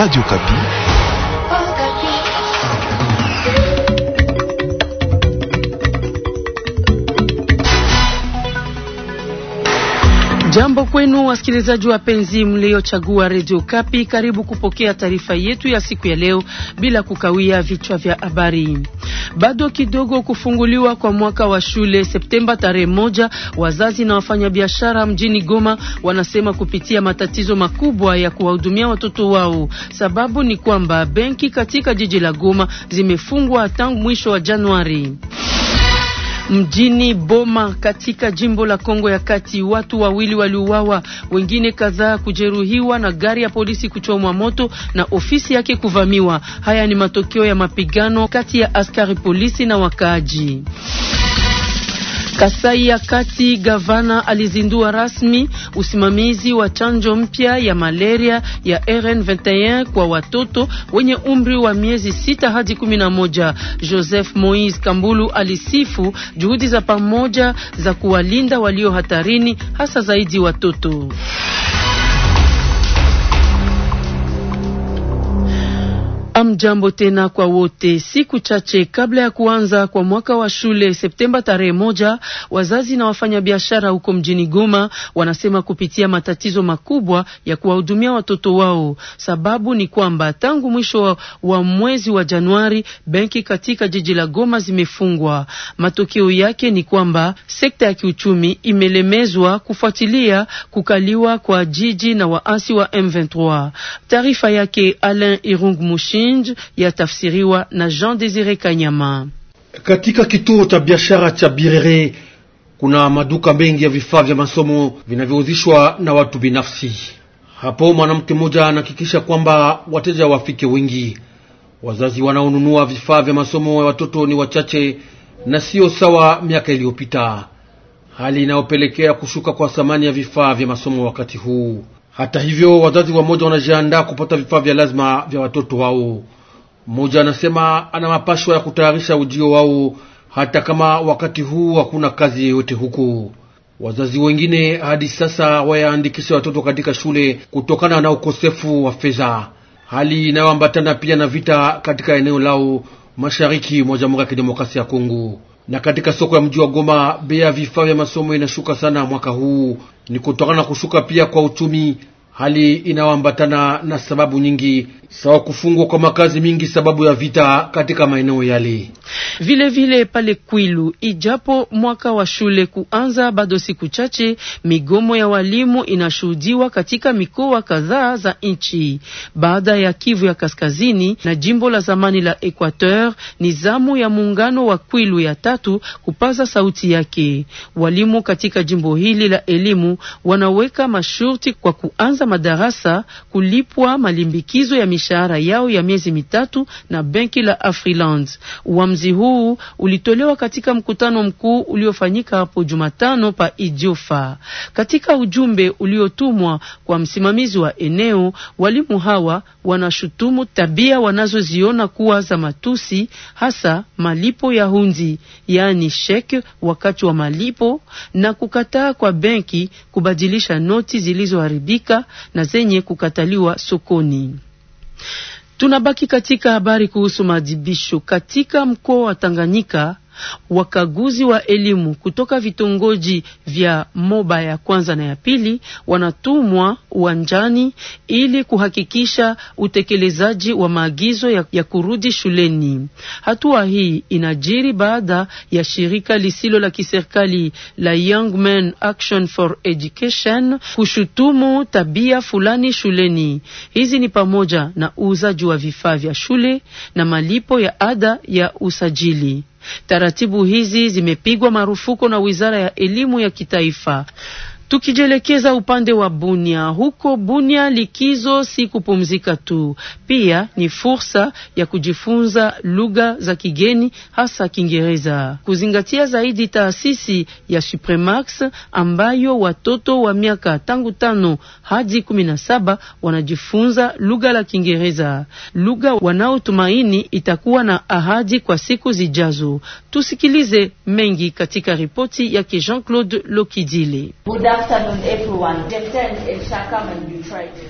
Radio Kapi. Jambo kwenu wasikilizaji wapenzi mliochagua Radio Kapi, karibu kupokea taarifa yetu ya siku ya leo bila kukawia vichwa vya habari bado kidogo kufunguliwa kwa mwaka wa shule Septemba tarehe moja. Wazazi na wafanyabiashara mjini Goma wanasema kupitia matatizo makubwa ya kuwahudumia watoto wao. Sababu ni kwamba benki katika jiji la Goma zimefungwa tangu mwisho wa Januari. Mjini Boma katika jimbo la Kongo ya Kati, watu wawili waliuawa, wengine kadhaa kujeruhiwa na gari ya polisi kuchomwa moto na ofisi yake kuvamiwa. Haya ni matokeo ya mapigano kati ya askari polisi na wakaaji. Kasai ya Kati, gavana alizindua rasmi usimamizi wa chanjo mpya ya malaria ya RN21 kwa watoto wenye umri wa miezi sita hadi kumi na moja. Joseph Moise Kambulu alisifu juhudi za pamoja za kuwalinda walio hatarini, hasa zaidi watoto. Amjambo tena kwa wote. Siku chache kabla ya kuanza kwa mwaka wa shule Septemba tarehe moja, wazazi na wafanyabiashara huko mjini Goma wanasema kupitia matatizo makubwa ya kuwahudumia watoto wao. Sababu ni kwamba tangu mwisho wa, wa mwezi wa Januari benki katika jiji la Goma zimefungwa. Matokeo yake ni kwamba sekta ya kiuchumi imelemezwa kufuatilia kukaliwa kwa jiji na waasi wa M23. Taarifa yake Alain Irung Mushin. Change yatafsiriwa na Jean Desire Kanyama. Katika kituo cha biashara cha Birere kuna maduka mengi ya vifaa vya masomo vinavyouzishwa na watu binafsi. Hapo mwanamke mmoja anahakikisha kwamba wateja wafike wengi. Wazazi wanaonunua vifaa vya masomo ya watoto ni wachache na sio sawa miaka iliyopita, hali inayopelekea kushuka kwa thamani ya vifaa vya masomo wakati huu. Hata hivyo wazazi wamoja wanajiandaa kupata vifaa vya lazima vya watoto wao. Mmoja anasema ana mapashwa ya kutayarisha ujio wao, hata kama wakati huu hakuna kazi yoyote huku. Wazazi wengine hadi sasa wayaandikisha watoto katika shule kutokana na ukosefu wa fedha, hali inayoambatana pia na vita katika eneo lao mashariki mwa Jamhuri ya Kidemokrasia ya Kongo. Na katika soko ya mji wa Goma, bei ya vifaa vya masomo inashuka sana mwaka huu, ni kutokana na kushuka pia kwa uchumi hali inayoambatana na sababu nyingi sawa kufungwa kwa makazi mingi sababu ya vita katika maeneo yale. Vile vile pale Kwilu, ijapo mwaka wa shule kuanza bado siku chache, migomo ya walimu inashuhudiwa katika mikoa kadhaa za nchi. Baada ya Kivu ya Kaskazini na jimbo la zamani la Equateur, ni zamu ya muungano wa Kwilu ya tatu kupaza sauti yake. Walimu katika jimbo hili la elimu wanaweka masharti kwa kuanza wanafunza madarasa kulipwa malimbikizo ya mishahara yao ya miezi mitatu na benki la Afriland. Uamuzi huu ulitolewa katika mkutano mkuu uliofanyika hapo Jumatano pa ijofa Katika ujumbe uliotumwa kwa msimamizi wa eneo, walimu hawa wanashutumu tabia wanazoziona kuwa za matusi, hasa malipo ya hundi, yaani sheke wakati wa malipo, na kukataa kwa benki kubadilisha noti zilizoharibika na zenye kukataliwa sokoni. Tunabaki katika habari kuhusu maadhibisho katika mkoa wa Tanganyika. Wakaguzi wa elimu kutoka vitongoji vya Moba ya kwanza na ya pili wanatumwa uwanjani ili kuhakikisha utekelezaji wa maagizo ya, ya kurudi shuleni. Hatua hii inajiri baada ya shirika lisilo la kiserikali la Young Men Action for Education kushutumu tabia fulani shuleni. Hizi ni pamoja na uuzaji wa vifaa vya shule na malipo ya ada ya usajili. Taratibu hizi zimepigwa marufuku na Wizara ya Elimu ya Kitaifa. Tukijielekeza upande wa Bunia, huko Bunia likizo si kupumzika tu, pia ni fursa ya kujifunza lugha za kigeni, hasa Kiingereza, kuzingatia zaidi taasisi ya Supremax ambayo watoto wa miaka tangu tano hadi kumi na saba wanajifunza lugha la Kiingereza, lugha wanaotumaini itakuwa na ahadi kwa siku zijazo. Tusikilize mengi katika ripoti yake Jean-Claude Lokidile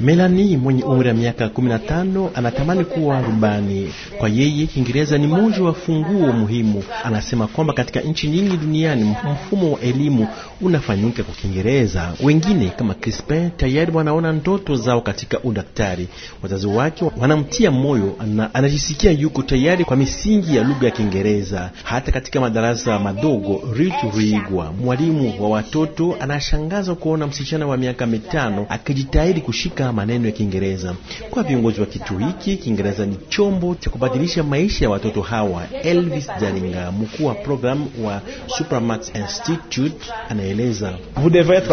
melani mwenye umri wa miaka 15 anatamani kuwa rubani. Kwa yeye Kiingereza ni moja wa funguo muhimu. Anasema kwamba katika nchi nyingi duniani mfumo wa elimu unafanyika kwa Kiingereza. Wengine kama Crispin tayari wanaona ndoto zao katika udaktari. Wazazi wake wanamtia moyo na anajisikia yuko tayari kwa misingi ya lugha ya Kiingereza. Hata katika madarasa madogo, Rich Ruigwa, mwalimu wa watoto, anashangaa Inashangaza kuona msichana wa miaka mitano akijitahidi kushika maneno ya Kiingereza. Kwa viongozi wa kitu hiki, Kiingereza ni chombo cha kubadilisha maisha ya watoto hawa. Elvis Jaringa, mkuu wa programu wa Supermax Institute, anaeleza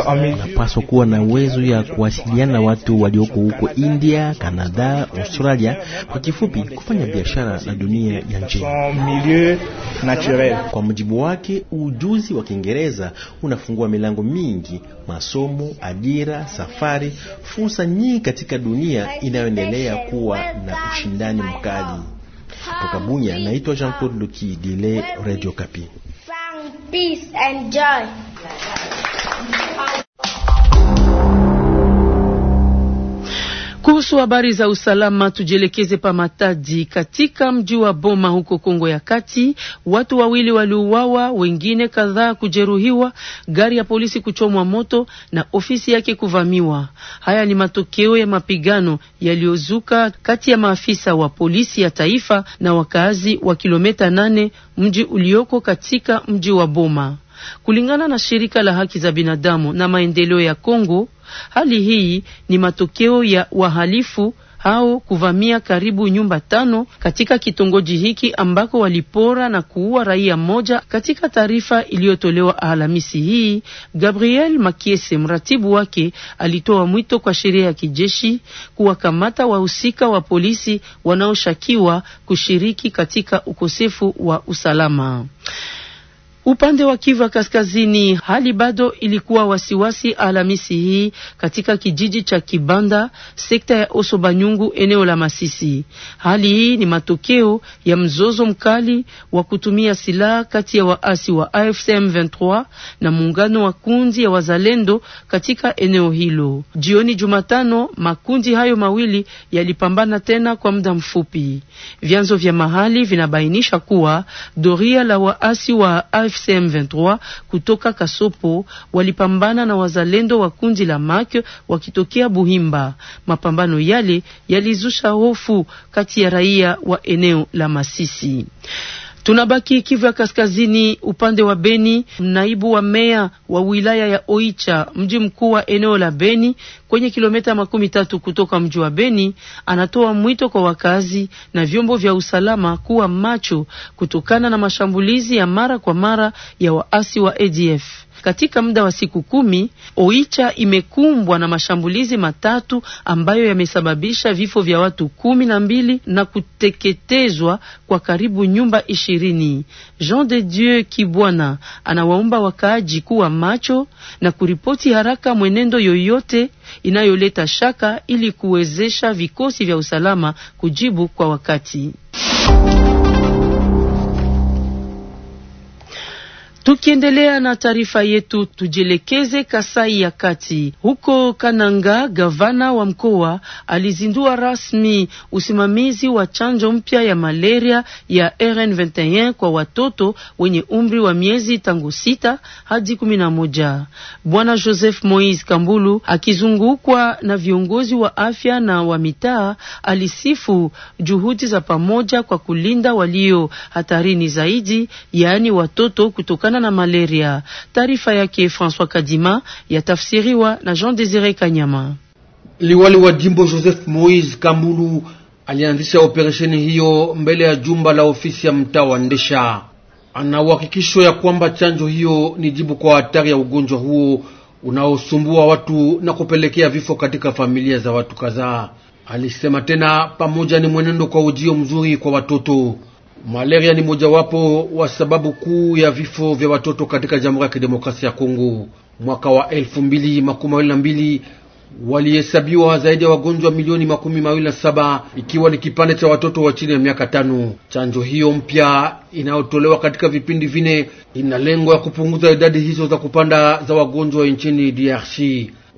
unapaswa kuwa na uwezo ya kuwasiliana na watu walioko huko India, Canada, Australia, kwa kifupi kufanya biashara na dunia ya nje. Kwa mujibu wake, ujuzi wa Kiingereza unafungua milango mingi masomo, ajira, safari, fursa nyingi katika dunia inayoendelea kuwa na ushindani mkali. Toka Bunya, naitwa Jean Claude Luki Dile, Radio Kapi. Peace and joy. Kuhusu habari za usalama, tujielekeze pa Matadi katika mji wa Boma huko Kongo ya Kati. Watu wawili waliuawa, wengine kadhaa kujeruhiwa, gari ya polisi kuchomwa moto na ofisi yake kuvamiwa. Haya ni matokeo ya mapigano yaliyozuka kati ya maafisa wa polisi ya taifa na wakazi wa kilometa nane, mji ulioko katika mji wa Boma. Kulingana na shirika la haki za binadamu na maendeleo ya Kongo, hali hii ni matokeo ya wahalifu hao kuvamia karibu nyumba tano katika kitongoji hiki ambako walipora na kuua raia mmoja. Katika taarifa iliyotolewa Alhamisi hii, Gabriel Makiese, mratibu wake, alitoa mwito kwa sheria ya kijeshi kuwakamata wahusika wa polisi wanaoshukiwa kushiriki katika ukosefu wa usalama. Upande wa Kivu Kaskazini, hali bado ilikuwa wasiwasi Alhamisi hii katika kijiji cha Kibanda, sekta ya Osobanyungu, eneo la Masisi. Hali hii ni matokeo ya mzozo mkali wa kutumia silaha kati ya waasi wa AFC M23 na muungano wa kundi ya wazalendo katika eneo hilo. Jioni Jumatano, makundi hayo mawili yalipambana tena kwa muda mfupi. Vyanzo vya mahali vinabainisha kuwa doria la waasi wa AFC AFC M23 kutoka Kasopo walipambana na wazalendo wa kundi la MAC wakitokea Buhimba. Mapambano yale yalizusha hofu kati ya raia wa eneo la Masisi. Tunabaki Kivu ya Kaskazini, upande wa Beni. Naibu wa meya wa wilaya ya Oicha, mji mkuu wa eneo la Beni, kwenye kilomita makumi tatu kutoka mji wa Beni, anatoa mwito kwa wakazi na vyombo vya usalama kuwa macho kutokana na mashambulizi ya mara kwa mara ya waasi wa ADF. Katika muda wa siku kumi, Oicha imekumbwa na mashambulizi matatu ambayo yamesababisha vifo vya watu kumi na mbili na kuteketezwa kwa karibu nyumba ishirini. Jean de Dieu Kibwana anawaomba wakaaji kuwa macho na kuripoti haraka mwenendo yoyote inayoleta shaka ili kuwezesha vikosi vya usalama kujibu kwa wakati. Tukiendelea na taarifa yetu, tujielekeze Kasai ya Kati. Huko Kananga, gavana wa mkoa alizindua rasmi usimamizi wa chanjo mpya ya malaria ya RN21 kwa watoto wenye umri wa miezi tangu sita hadi kumi na moja. Bwana Joseph Moise Kambulu akizungukwa na viongozi wa afya na wa mitaa alisifu juhudi za pamoja kwa kulinda walio hatarini zaidi, yaani watoto kutokana kupambana na malaria. Taarifa yake François Kadima yatafsiriwa na Jean Desire Kanyama. Liwali wa jimbo Joseph Moise Kambulu alianzisha operesheni hiyo mbele ya jumba la ofisi ya mtaa wa Ndesha. Ana uhakikisho ya kwamba chanjo hiyo ni jibu kwa hatari ya ugonjwa huo unaosumbua watu na kupelekea vifo katika familia za watu kadhaa. Alisema tena pamoja ni mwenendo kwa ujio mzuri kwa watoto. Malaria ni mojawapo wa sababu kuu ya vifo vya watoto katika Jamhuri ya Kidemokrasia ya Kongo. Mwaka wa elfu mbili makumi mawili na mbili walihesabiwa zaidi ya wagonjwa milioni makumi mawili na saba ikiwa ni kipande cha watoto wa chini ya miaka tano. Chanjo hiyo mpya inayotolewa katika vipindi vine ina lengo ya kupunguza idadi hizo za kupanda za wagonjwa nchini DRC.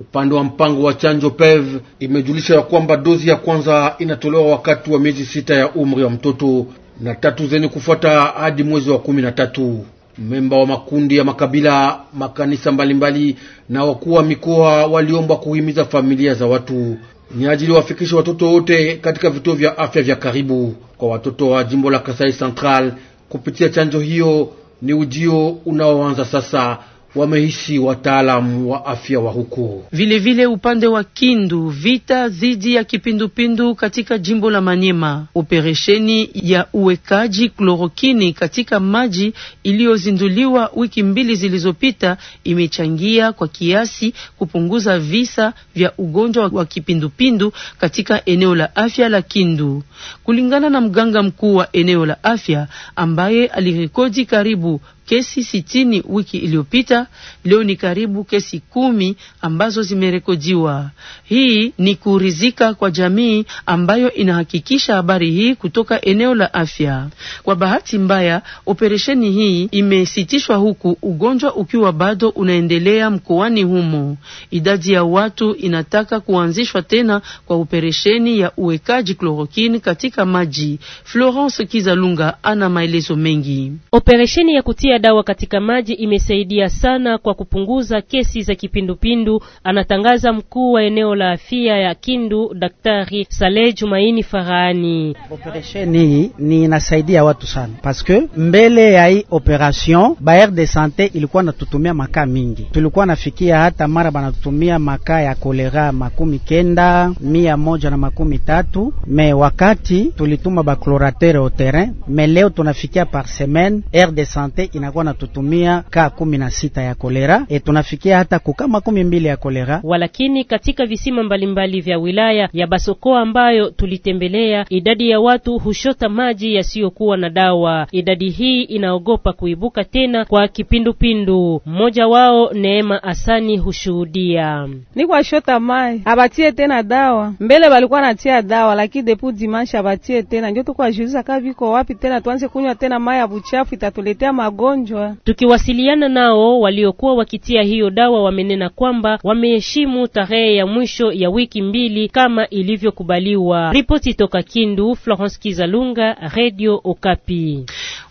Upande wa mpango wa chanjo PEV imejulisha ya kwamba dozi ya kwanza inatolewa wakati wa miezi sita ya umri wa mtoto na tatu zenye kufuata hadi mwezi wa kumi na tatu. Memba wa makundi ya makabila, makanisa mbalimbali na wakuu wa mikoa waliombwa kuhimiza familia za watu ni ajili wafikishe watoto wote katika vituo vya afya vya karibu. Kwa watoto wa jimbo la Kasai Central kupitia chanjo hiyo ni ujio unaoanza sasa wamehisi wataalamu wa afya wa huku. Vilevile upande wa Kindu, vita dhidi ya kipindupindu katika jimbo la Manyema, operesheni ya uwekaji klorokini katika maji iliyozinduliwa wiki mbili zilizopita imechangia kwa kiasi kupunguza visa vya ugonjwa wa kipindupindu katika eneo la afya la Kindu, kulingana na mganga mkuu wa eneo la afya ambaye alirekodi karibu kesi sitini wiki iliyopita. Leo ni karibu kesi kumi ambazo zimerekodiwa. Hii ni kuridhika kwa jamii ambayo inahakikisha habari hii kutoka eneo la afya. Kwa bahati mbaya, operesheni hii imesitishwa huku ugonjwa ukiwa bado unaendelea mkoani humo. Idadi ya watu inataka kuanzishwa tena kwa operesheni ya uwekaji klorokini katika maji. Florence Kizalunga ana maelezo mengi. Operesheni ya kutia dawa katika maji imesaidia sana kwa kupunguza kesi za kipindupindu, anatangaza mkuu wa eneo la afya ya Kindu, Daktari Saleh Jumaini Farani. Operation hii ni inasaidia watu sana paske mbele ya hii operation baer de sante ilikuwa natutumia makaa mingi, tulikuwa nafikia hata mara banatutumia makaa ya kolera makumi kenda mia moja na makumi tatu me wakati tulituma bakloratere au terrain, me leo tunafikia par semaine air de sante ina anakuwa natutumia ka kumi na sita ya kolera e, tunafikia hata kukama kumi mbili ya kolera. Walakini katika visima mbalimbali vya wilaya ya Basoko ambayo tulitembelea, idadi ya watu hushota maji yasiyokuwa na dawa. Idadi hii inaogopa kuibuka tena kwa kipindupindu. Mmoja wao Neema Asani hushuhudia ni kwa shota mai abatie tena dawa. Mbele walikuwa natia dawa, lakini depu dimanshi abatie tena, njo ndio tukwajuliza kaa viko wapi tena, tuanze kunywa tena mai ya buchafu, itatuletea magonjwa mgonjwa. Tukiwasiliana nao waliokuwa wakitia hiyo dawa, wamenena kwamba wameheshimu tarehe ya mwisho ya wiki mbili kama ilivyokubaliwa. Ripoti toka Kindu, Florence Kizalunga, Radio Okapi.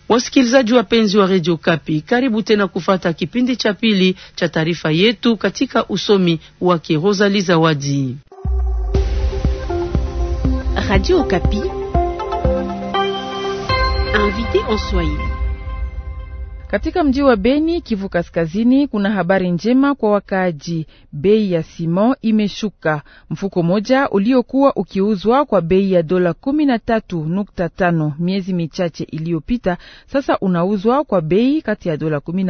Wasikilizaji wapenzi wa redio Kapi, karibu tena kufata kipindi cha pili cha taarifa yetu katika usomi wake Rosali Zawadi. Radio Kapi, invité en Swahili. Katika mji wa Beni, Kivu Kaskazini, kuna habari njema kwa wakaaji. Bei ya simo imeshuka. Mfuko moja uliokuwa ukiuzwa kwa bei ya dola 13.5 miezi michache iliyopita, sasa unauzwa kwa bei kati ya dola kumi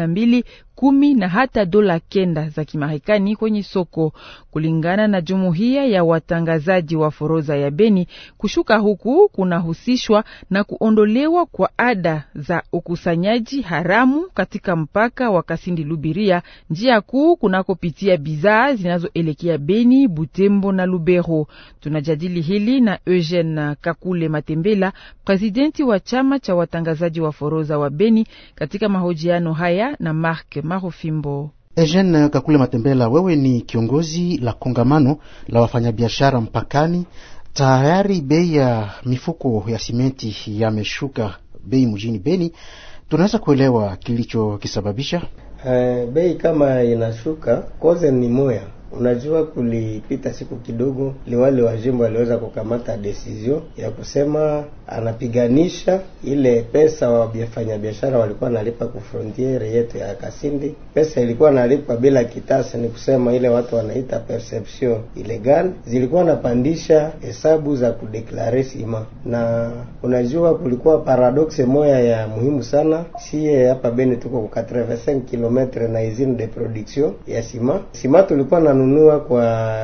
kumi na hata dola kenda za Kimarekani kwenye soko, kulingana na jumuiya ya watangazaji wa forodha ya Beni. Kushuka huku kunahusishwa na kuondolewa kwa ada za ukusanyaji haramu katika mpaka wa Kasindi Lubiria, njia kuu kunakopitia bidhaa zinazoelekea Beni, Butembo na Lubero. Tunajadili hili na Eugene Kakule Matembela, presidenti wa chama cha watangazaji wa forodha wa Beni, katika mahojiano haya na Mark Marofimbo. Ejene Kakule Matembela, wewe ni kiongozi la kongamano la wafanyabiashara mpakani. Tayari bei ya mifuko ya simenti yameshuka bei mjini Beni, tunaweza kuelewa kilichokisababisha? Uh, bei kama inashuka koze ni moya Unajua, kulipita siku kidogo, liwali wa jimbo aliweza kukamata decision ya kusema anapiganisha ile pesa wafanyabiashara walikuwa nalipa ku frontiere yetu ya Kasindi. Pesa ilikuwa nalipa bila kitasa, ni kusema ile watu wanaita perception ilegal, zilikuwa napandisha hesabu za kudeklare sima. Na unajua kulikuwa paradoxe moya ya muhimu sana, siye hapa Beni tuko ku 85 km na usine de production ya sima sima, tulikuwa na tunanunua kwa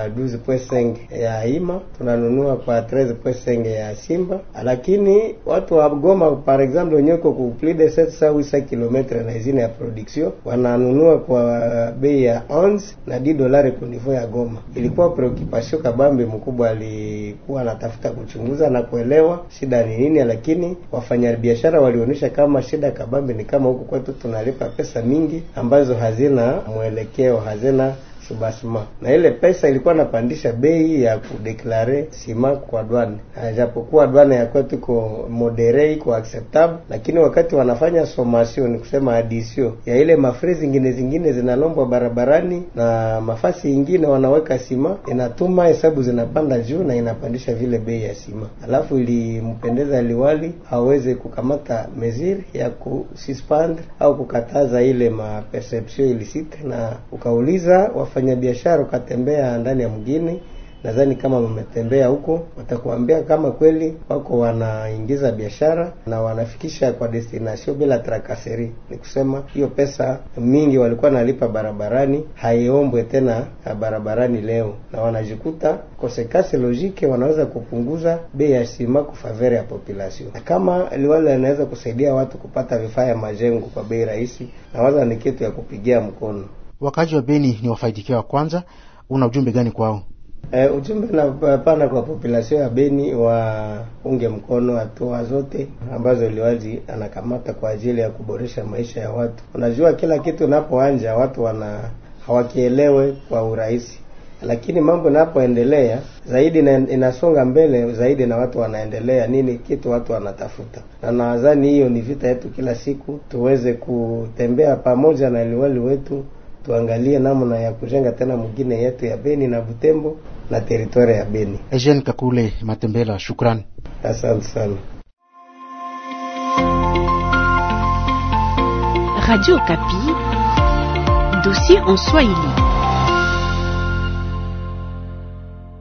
12.5 ya ima tunanunua kwa 13.5 ya Simba, lakini watu wa Goma par exemple wenyewe ku plus de 700 km na izine ya production wananunua kwa bei ya ons na 10 dolari ku nivo ya Goma. Ilikuwa preoccupation kabambe mkubwa alikuwa anatafuta kuchunguza na kuelewa shida ni nini, lakini wafanyabiashara walionyesha kama shida kabambe ni kama huku kwetu tunalipa pesa mingi ambazo hazina mwelekeo, hazina subasima na ile pesa ilikuwa napandisha bei ya kudeklare sima kwa dwane, japokuwa dwane ya kwetu iko modere, iko acceptable, lakini wakati wanafanya somation, ni kusema adisio ya ile mafre zingine zingine zinalombwa barabarani na mafasi ingine wanaweka sima, inatuma hesabu zinapanda juu na inapandisha vile bei ya sima. Alafu ilimpendeza liwali aweze kukamata meziri ya kususpendre au kukataza ile maperception ilisite na ukauliza wafu wafanyabiashara ukatembea ndani ya mgini, nadhani kama mmetembea huko, watakuambia kama kweli wako wanaingiza biashara na wanafikisha kwa destination bila trakaseri. Ni kusema hiyo pesa mingi walikuwa nalipa barabarani haiombwe tena barabarani leo, na wanajikuta kosekase logike, wanaweza kupunguza bei ya sima kufavere ya population. Na kama liwali anaweza kusaidia watu kupata vifaa ya majengo kwa bei rahisi, nawaza ni kitu ya kupigia mkono wakaji wa Beni ni wafaidikia wa kwanza, una ujumbe gani kwao? E, ujumbe napana pana kwa populasio ya Beni waunge mkono hatua zote ambazo liwazi anakamata kwa ajili ya kuboresha maisha ya watu. Unajua, kila kitu unapoanja watu wana hawakielewe kwa urahisi, lakini mambo inapoendelea zaidi na, inasonga mbele zaidi na watu wanaendelea nini kitu watu wanatafuta, na nadhani hiyo ni vita yetu kila siku, tuweze kutembea pamoja na liwali wetu tuangalie namna ya kujenga tena mwingine yetu ya Beni na Butembo na teritoria ya Beni. Eugene Kakule Matembela, shukrani, asante sana. Radio Kapi, dossier en Swahili.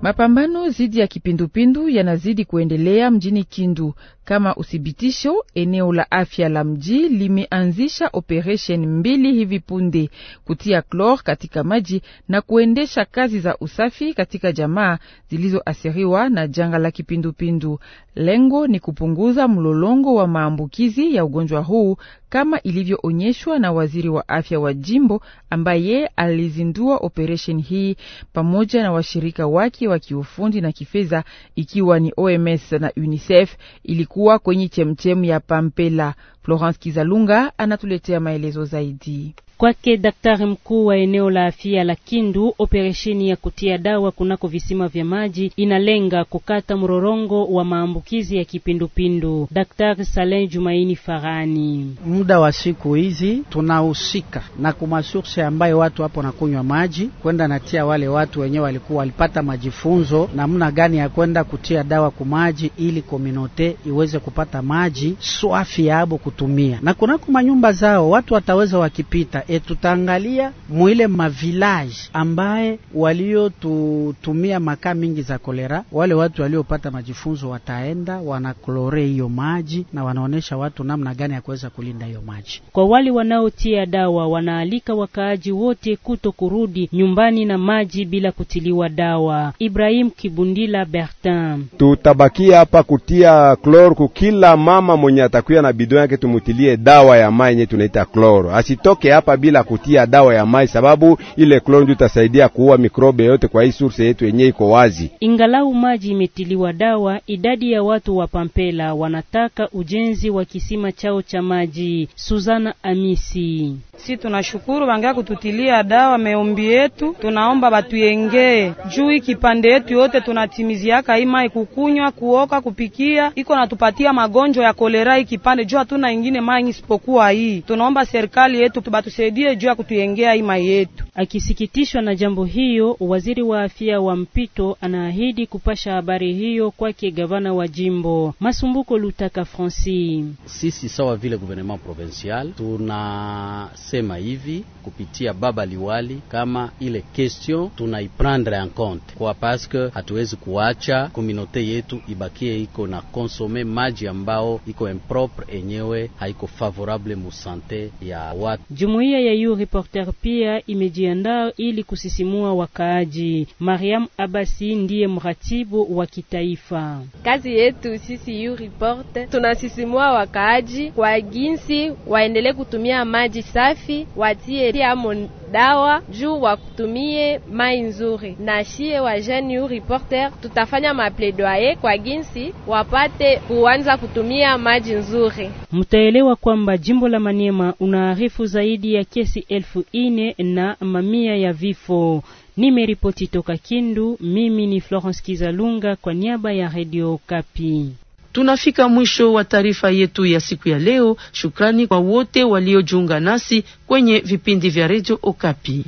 Mapambano dhidi ya kipindupindu yanazidi kuendelea mjini Kindu. Kama uthibitisho, eneo la afya la mji limeanzisha operesheni mbili hivi punde kutia klor katika maji na kuendesha kazi za usafi katika jamaa zilizoathiriwa na janga la kipindupindu. Lengo ni kupunguza mlolongo wa maambukizi ya ugonjwa huu kama ilivyoonyeshwa na waziri wa afya wa jimbo ambaye alizindua operesheni hii pamoja na washirika wake wa kiufundi na kifedha, ikiwa ni OMS na UNICEF ili kuwa kwenye chemchemu ya Pampela. Florence Kizalunga anatuletea maelezo zaidi. Kwake daktari mkuu wa eneo la afya la Kindu, operesheni ya kutia dawa kunako visima vya maji inalenga kukata mrorongo wa maambukizi ya kipindupindu. Daktari Salen Jumaini Farani: muda wa siku hizi tunahusika na kumasurse ambayo watu hapo nakunywa maji, kwenda natia wale watu wenyewe walikuwa walipata majifunzo namna gani ya kwenda kutia dawa kumaji, ili kominote iweze kupata maji swafi yabo kutumia, na kunako manyumba zao watu wataweza wakipita Eh, tutaangalia mwile mavilaji ambaye waliotutumia makaa mingi za kolera. Wale watu waliopata majifunzo wataenda wanaklore hiyo maji na wanaonesha watu namna gani ya kuweza kulinda hiyo maji. Kwa wale wanaotia dawa, wanaalika wakaaji wote kuto kurudi nyumbani na maji bila kutiliwa dawa. Ibrahim Kibundila Bertin: tutabakia hapa kutia kloro kukila mama mwenye atakuya na bidon yake, tumutilie dawa ya maji yenye tunaita kloro, asitoke hapa bila kutia dawa ya mai, sababu ile kloro tasaidia itasaidia kuua mikrobe yote kwa hii source yetu yenyewe iko wazi. Ingalau maji imetiliwa dawa, idadi ya watu wa Pampela wanataka ujenzi wa kisima chao cha maji. Suzana Amisi: si tunashukuru bangaa kututilia dawa meombi yetu, tunaomba batuyengee juu ikipande yetu yote tunatimiziaka hii mai kukunywa, kuoka, kupikia, iko natupatia magonjwa ya kolera ikipande juu hatuna ingine mai isipokuwa hii. Tunaomba serikali yetu tubatu atusaidie juu ya kutuengea ima yetu. Akisikitishwa na jambo hiyo, waziri wa afya wa mpito anaahidi kupasha habari hiyo kwake gavana wa jimbo Masumbuko Lutaka Franci. Sisi sawa vile gouvernement provincial tunasema hivi kupitia baba liwali, kama ile question tunaiprendre en compte kwa paske hatuwezi kuacha komunote yetu ibakie iko na konsome maji ambao iko impropre enyewe haiko favorable mu sante ya watu. Jumuiya jumuiya ya Yu Reporter pia imejiandaa ili kusisimua wakaaji. Mariam Abasi ndiye mratibu wa kitaifa. Kazi yetu sisi Yu Reporter tunasisimua wakaaji kwa jinsi waendelee kutumia maji safi, watie amo dawa juu wakutumie mai nzuri, na shie wa Jeune u Reporter tutafanya mapledoye kwa ginsi wapate kuanza kutumia maji nzuri. Mtaelewa kwamba jimbo la Maniema unaarifu zaidi ya kesi elfu ine na mamia ya vifo. Nimeripoti toka Kindu, mimi ni Florence Kizalunga kwa niaba ya Radio Kapi. Tunafika mwisho wa taarifa yetu ya siku ya leo. Shukrani kwa wote waliojiunga nasi kwenye vipindi vya Radio Okapi.